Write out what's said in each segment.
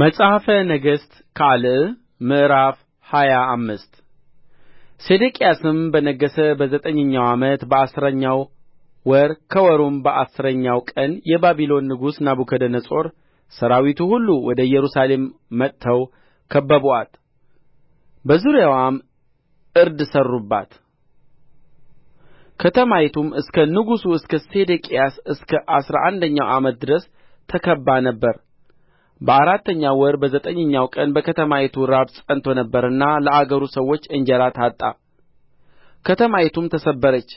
መጽሐፈ ነገሥት ካልዕ ምዕራፍ ሃያ አምስት ሴዴቅያስም በነገሠ በዘጠኝኛው ዓመት በአሥረኛው ወር ከወሩም በአሥረኛው ቀን የባቢሎን ንጉሥ ናቡከደነፆር ሠራዊቱ ሁሉ ወደ ኢየሩሳሌም መጥተው ከበቡአት በዙሪያዋም ዕርድ ሠሩባት ከተማይቱም እስከ ንጉሡ እስከ ሴዴቅያስ እስከ አሥራ አንደኛው ዓመት ድረስ ተከብባ ነበር በአራተኛው ወር በዘጠኝኛው ቀን በከተማይቱ ራብ ጸንቶ ነበርና ለአገሩ ሰዎች እንጀራ ታጣ ከተማይቱም ተሰበረች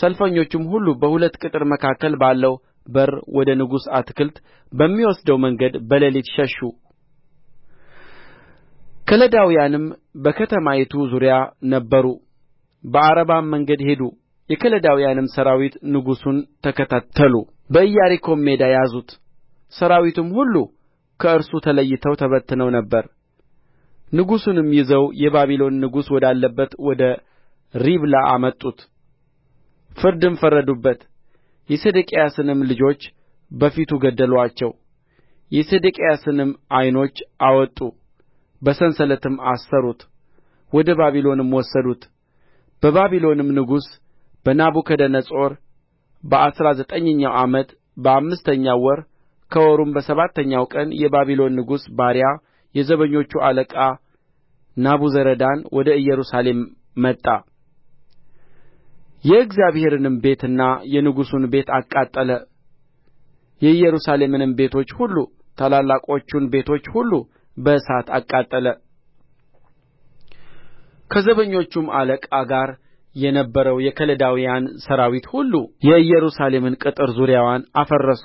ሰልፈኞቹም ሁሉ በሁለት ቅጥር መካከል ባለው በር ወደ ንጉሡ አትክልት በሚወስደው መንገድ በሌሊት ሸሹ ከለዳውያንም በከተማይቱ ዙሪያ ነበሩ በዓረባም መንገድ ሄዱ የከለዳውያንም ሠራዊት ንጉሡን ተከታተሉ በኢያሪኮም ሜዳ ያዙት ሠራዊቱም ሁሉ ከእርሱ ተለይተው ተበትነው ነበር ንጉሡንም ይዘው የባቢሎን ንጉሥ ወዳለበት ወደ ሪብላ አመጡት ፍርድም ፈረዱበት የሴዴቅያስንም ልጆች በፊቱ ገደሉአቸው የሴዴቅያስንም ዓይኖች አወጡ በሰንሰለትም አሰሩት ወደ ባቢሎንም ወሰዱት በባቢሎንም ንጉሥ በናቡከደነፆር በአሥራ ዘጠኝኛው ዓመት በአምስተኛው ወር ከወሩም በሰባተኛው ቀን የባቢሎን ንጉሥ ባሪያ የዘበኞቹ አለቃ ናቡዘረዳን ወደ ኢየሩሳሌም መጣ የእግዚአብሔርንም ቤትና የንጉሡን ቤት አቃጠለ የኢየሩሳሌምንም ቤቶች ሁሉ ታላላቆቹን ቤቶች ሁሉ በእሳት አቃጠለ ከዘበኞቹም አለቃ ጋር የነበረው የከለዳውያን ሠራዊት ሁሉ የኢየሩሳሌምን ቅጥር ዙሪያዋን አፈረሱ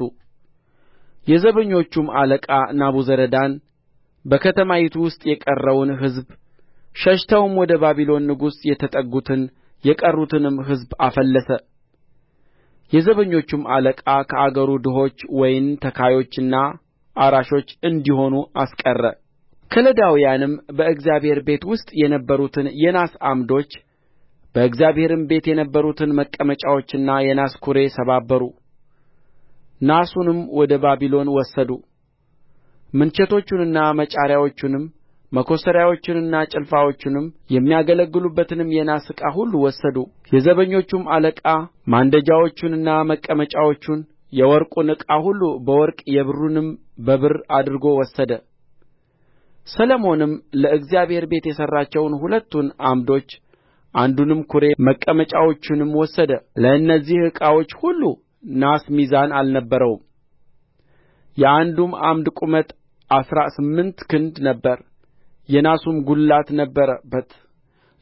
የዘበኞቹም አለቃ ናቡዘረዳን በከተማይቱ ውስጥ የቀረውን ሕዝብ ሸሽተውም ወደ ባቢሎን ንጉሥ የተጠጉትን የቀሩትንም ሕዝብ አፈለሰ የዘበኞቹም አለቃ ከአገሩ ድሆች ወይን ተካዮችና አራሾች እንዲሆኑ አስቀረ ከለዳውያንም በእግዚአብሔር ቤት ውስጥ የነበሩትን የናስ ዓምዶች በእግዚአብሔርም ቤት የነበሩትን መቀመጫዎችና የናስ ኵሬ ሰባበሩ ናሱንም ወደ ባቢሎን ወሰዱ ምንቸቶቹንና መጫሪያዎቹንም መኰስተሪያዎቹንና ጭልፋዎቹንም የሚያገለግሉበትንም የናስ ዕቃ ሁሉ ወሰዱ የዘበኞቹም አለቃ ማንደጃዎቹንና መቀመጫዎቹን የወርቁን ዕቃ ሁሉ በወርቅ የብሩንም በብር አድርጎ ወሰደ ሰሎሞንም ለእግዚአብሔር ቤት የሠራቸውን ሁለቱን ዓምዶች አንዱንም ኵሬ መቀመጫዎቹንም ወሰደ ለእነዚህ ዕቃዎች ሁሉ ናስ ሚዛን አልነበረውም የአንዱም ዓምድ ቁመት አሥራ ስምንት ክንድ ነበረ የናስም ጕልላት ነበረበት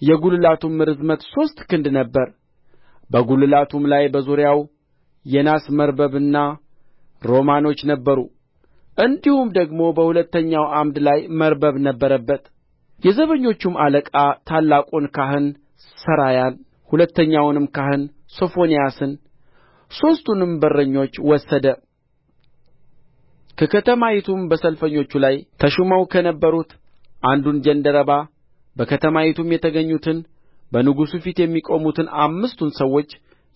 የጕልላቱም ርዝመት ሦስት ክንድ ነበረ በጕልላቱም ላይ በዙሪያው የናስ መርበብና ሮማኖች ነበሩ እንዲሁም ደግሞ በሁለተኛው ዓምድ ላይ መርበብ ነበረበት የዘበኞቹም አለቃ ታላቁን ካህን ሠራያን ሁለተኛውንም ካህን ሶፎንያስን ሦስቱንም በረኞች ወሰደ ከከተማይቱም በሰልፈኞቹ ላይ ተሾመው ከነበሩት አንዱን ጃንደረባ በከተማይቱም የተገኙትን በንጉሡ ፊት የሚቆሙትን አምስቱን ሰዎች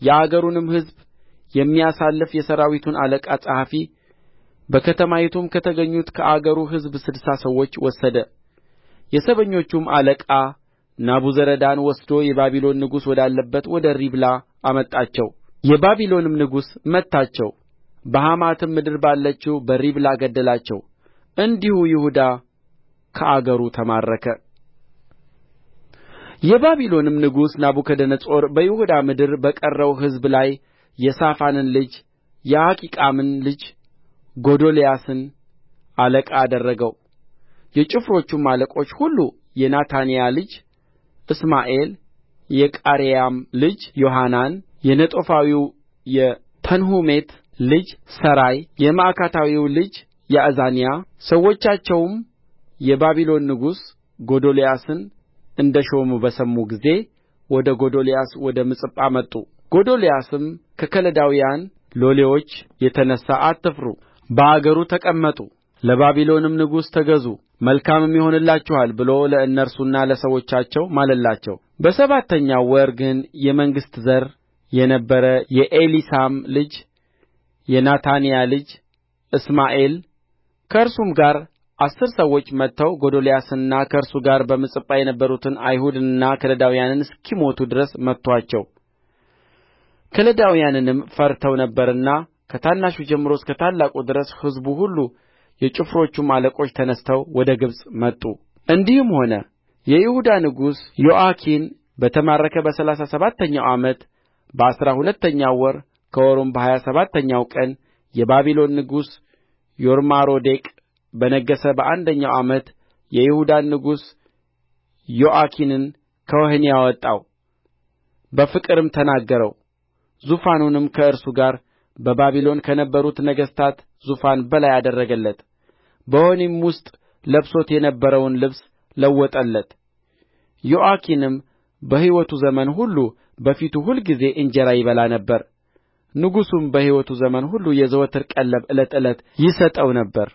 የአገሩንም ሕዝብ የሚያሰልፍ የሠራዊቱን አለቃ ጸሐፊ በከተማይቱም ከተገኙት ከአገሩ ሕዝብ ስድሳ ሰዎች ወሰደ የዘበኞቹም አለቃ ናቡዘረዳን ወስዶ የባቢሎን ንጉሥ ወዳለበት ወደ ሪብላ አመጣቸው የባቢሎንም ንጉሥ መታቸው በሐማትም ምድር ባለችው በሪብላ ገደላቸው እንዲሁ ይሁዳ ከአገሩ ተማረከ የባቢሎንም ንጉሥ ናቡከደነፆር በይሁዳ ምድር በቀረው ሕዝብ ላይ የሳፋንን ልጅ የአኪቃምን ልጅ ጎዶልያስን አለቃ አደረገው የጭፍሮቹም አለቆች ሁሉ የናታንያ ልጅ እስማኤል የቃሬያም ልጅ ዮሐናን የነጦፋዊው የተንሑሜት ልጅ ሠራያ፣ የማዕካታዊው ልጅ ያእዛንያ ሰዎቻቸውም የባቢሎን ንጉሥ ጎዶልያስን እንደ ሾመ በሰሙ ጊዜ ወደ ጎዶልያስ ወደ ምጽጳ መጡ ጎዶልያስም ከከለዳውያን ሎሌዎች የተነሣ አትፍሩ በአገሩ ተቀመጡ ለባቢሎንም ንጉሥ ተገዙ መልካምም ይሆንላችኋል ብሎ ለእነርሱና ለሰዎቻቸው ማለላቸው በሰባተኛው ወር ግን የመንግሥት ዘር የነበረ የኤሊሳማ ልጅ የናታንያ ልጅ እስማኤል ከእርሱም ጋር አሥር ሰዎች መጥተው ጎዶልያስንና ከእርሱ ጋር በምጽጳ የነበሩትን አይሁድንና ከለዳውያንን እስኪሞቱ ድረስ መቱአቸው። ከለዳውያንንም ፈርተው ነበርና ከታናሹ ጀምሮ እስከ ታላቁ ድረስ ሕዝቡ ሁሉ የጭፍሮቹም አለቆች ተነሥተው ወደ ግብጽ መጡ። እንዲህም ሆነ የይሁዳ ንጉሥ ዮአኪን በተማረከ በሠላሳ ሰባተኛው ዓመት በአሥራ ሁለተኛው ወር ከወሩም በሀያ ሰባተኛው ቀን የባቢሎን ንጉሥ ዮርማሮዴቅ በነገሠ በአንደኛው ዓመት የይሁዳን ንጉሥ ዮአኪንን ከወህኒ አወጣው በፍቅርም ተናገረው። ዙፋኑንም ከእርሱ ጋር በባቢሎን ከነበሩት ነገሥታት ዙፋን በላይ አደረገለት። በወህኒም ውስጥ ለብሶት የነበረውን ልብስ ለወጠለት። ዮአኪንም በሕይወቱ ዘመን ሁሉ በፊቱ ሁልጊዜ እንጀራ ይበላ ነበር ንጉሡም በሕይወቱ ዘመን ሁሉ የዘወትር ቀለብ ዕለት ዕለት ይሰጠው ነበር